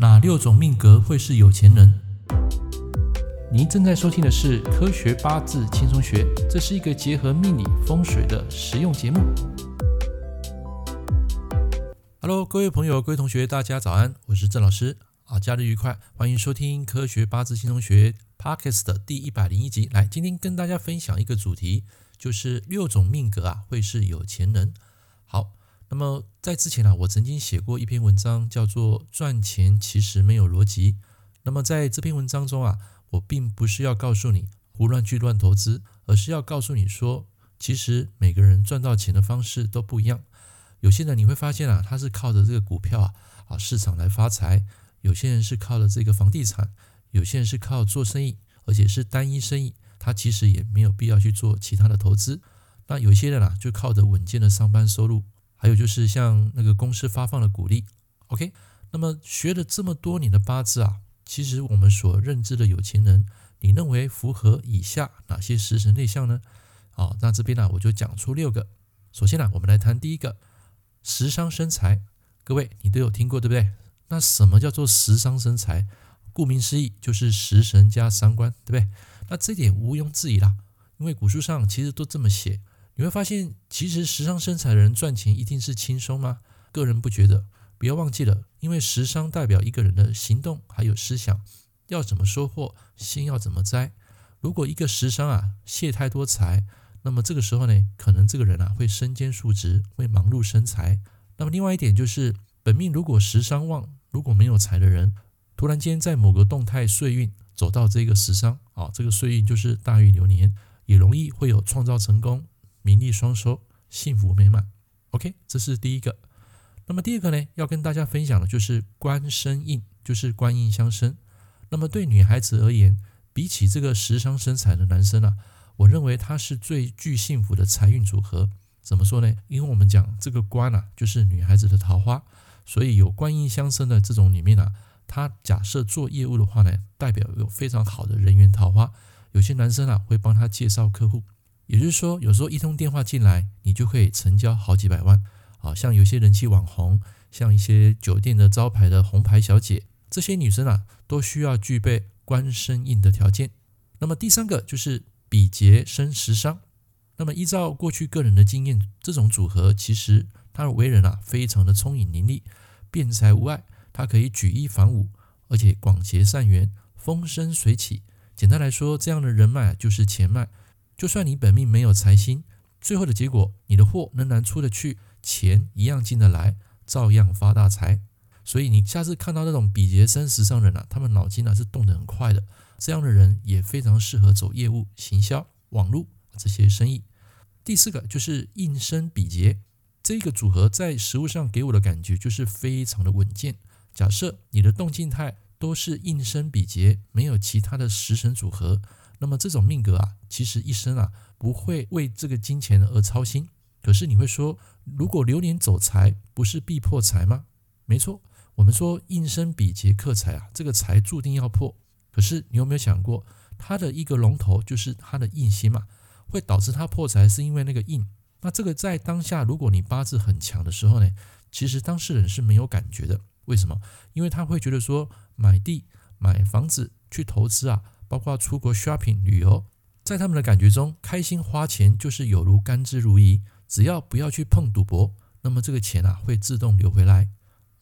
哪六種命格會是有錢人？您正在收聽的是《科學八字輕鬆學》，這是一個結合命理、風水的實用節目。Hello，各位朋友、各位同學，大家早安，我是鄭老師啊，假日愉快，歡迎收聽《科學八字輕鬆學》Podcast 的第一百零一集。來，今天跟大家分享一個主題，就是六種命格啊會是有錢人。好。那麼在之前呢、啊，我曾經寫過一篇文章，叫做《賺錢其實沒有邏輯》。那麼在這篇文章中啊，我並不是要告訴你胡亂去亂投資，而是要告訴你說，其實每個人賺到錢的方式都不一樣。有些人你會發現啊，他是靠着這個股票啊啊市場來發財；有些人是靠著這個房地產；有些人是靠做生意，而且是單一生意，他其實也沒有必要去做其他的投資。那有些人呢、啊，就靠着穩健的上班收入。還有就是像那個公司發放的鼓勵，OK。那麼學了這麼多年的八字啊，其實我們所認知的有錢人，你認為符合以下哪些十神類象呢？好、哦，那這邊呢、啊、我就講出六個。首先呢、啊，我們來談第一個，食傷生財。各位，你都有聽過對不對？那什麼叫做食傷生財？顧名思義，就是食神加傷官對不對？那這點毋庸置疑啦，因為古書上其實都這麼寫。你會發現。其實，食傷生財的人賺錢一定是輕鬆嗎？個人不覺得。不要忘記了，因為食傷代表一個人的行動還有思想，要怎麼收穫，先要怎麼栽。如果一個食傷啊，泄太多財，那麼這個時候呢，可能這個人啊會身兼數職，會忙碌生財。那麼另外一點就是，本命如果食傷旺，如果沒有財的人，突然間在某個動態歲運走到這個食傷啊，這個歲運就是大運流年，也容易會有創造成功，名利雙收。幸福美滿，OK，這是第一個。那麼第二個呢，要跟大家分享的就是官生印，就是官印相生。那麼對女孩子而言，比起這個食傷生財的男生啊，我認為他是最具幸福的財運組合。怎麼說呢？因為我們講這個官啊，就是女孩子的桃花，所以有官印相生的這種裡面啊，他假設做業務的話呢，代表有非常好的人緣桃花。有些男生啊，會幫他介紹客戶。也就是說，有時候一通電話進來，你就可以成交好幾百萬好、啊、像有些人氣網紅，像一些酒店的招牌的紅牌小姐，這些女生啊，都需要具備官生印的條件。那麼第三個就是比劫生食傷。那麼依照過去個人的經驗，這種組合其實他的為人啊，非常的聰穎伶俐，辯才無礙，他可以舉一反五，而且廣結善緣，風生水起。簡單來說，這樣的人脈就是錢脈。就算你本命沒有財星，最後的結果，你的貨仍然出得去，錢一樣進得來，照樣發大財。所以你下次看到那種比劫生食傷的人啊，他們腦筋呢、啊、是動得很快的，這樣的人也非常適合走業務、行銷、網路這些生意。第四個就是印生比劫這個組合，在實務上給我的感覺就是非常的穩健。假設你的動靜態都是印生比劫，沒有其他的十神組合。那麼這種命格啊，其實一生啊不會為這個金錢而操心。可是你會說，如果流年走財，不是必破財嗎？沒錯，我們說印生比劫克財啊，這個財注定要破。可是你有沒有想過，他的一個龍頭就是他的印星嘛，會導致他破財，是因為那個印。那這個在當下，如果你八字很強的時候呢，其實當事人是沒有感覺的。為什麼？因為他會覺得說買地、買房子去投資啊。包括出國 shopping 旅遊，在他們的感覺中，開心花錢就是有如甘之如饴，只要不要去碰賭博，那麼這個錢啊會自動流回來。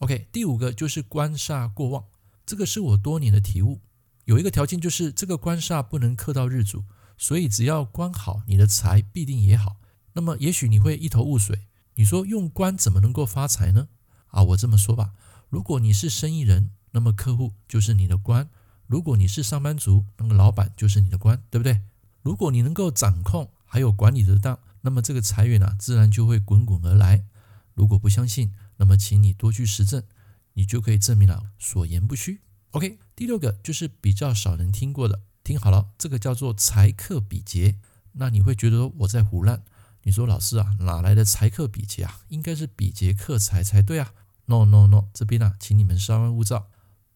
OK，第五個就是官煞過旺，這個是我多年的體悟。有一個條件就是這個官煞不能克到日主，所以只要官好，你的財必定也好。那麼也許你會一頭霧水，你說用官怎麼能夠發財呢？啊，我這麼說吧，如果你是生意人，那麼客戶就是你的官。如果你是上班族，那麼、個、老板就是你的官，對不對？如果你能夠掌控，還有管理得當，那麼這個財源呢、啊，自然就會滾滾而來。如果不相信，那麼請你多去實證，你就可以證明了、啊、所言不虛。OK，第六個就是比較少人聽過的，聽好了，這個叫做財剋比劫。那你會覺得我在唬爛？你說老師啊，哪來的財剋比劫啊？應該是比劫克財才對啊。No No No，這邊啊，請你們稍安勿躁。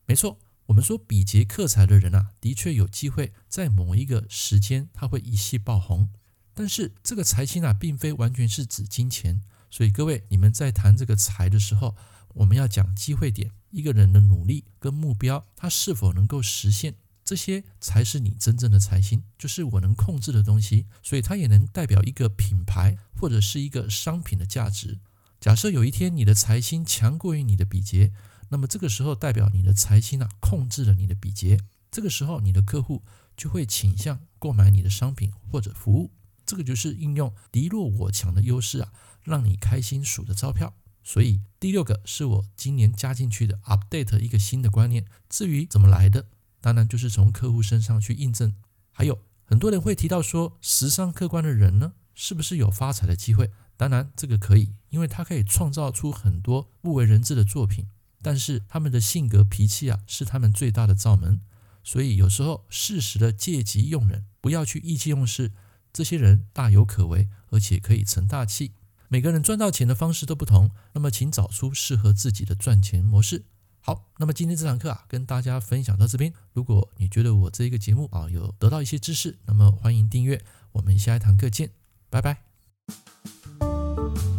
沒錯。我們說比劫克財的人啊，的確有機會在某一個時間他會一夕爆紅，但是這個財星啊，並非完全是指金錢。所以各位，你們在談這個財的時候，我們要講機會點，一個人的努力跟目標，他是否能夠實現，這些才是你真正的財星，就是我能控制的東西。所以它也能代表一個品牌或者是一個商品的價值。假設有一天你的財星強過於你的比劫。那麼這個時候代表你的財星啊，控制了你的比劫，這個時候你的客戶就會傾向購買你的商品或者服務，這個就是運用敵弱我強的優勢啊，讓你開心數着鈔票。所以第六個是我今年加進去的 update 一個新的觀念。至於怎麼來的，當然就是從客戶身上去印證。還有很多人會提到說，食傷剋官的人呢，是不是有發財的機會？當然這個可以，因為他可以創造出很多不為人知的作品。但是他們的性格脾氣啊，是他們最大的罩門，所以有時候適時的戒急用忍，不要去意氣用事，這些人大有可為，而且可以成大器。每個人賺到錢的方式都不同，那麼請找出適合自己的賺錢模式。好，那麼今天這堂課啊，跟大家分享到這邊。如果你覺得我這一個節目啊，有得到一些知識，那麼歡迎訂閱。我們下一堂課見，拜拜。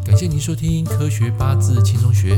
感謝您收聽《科學八字輕鬆學》。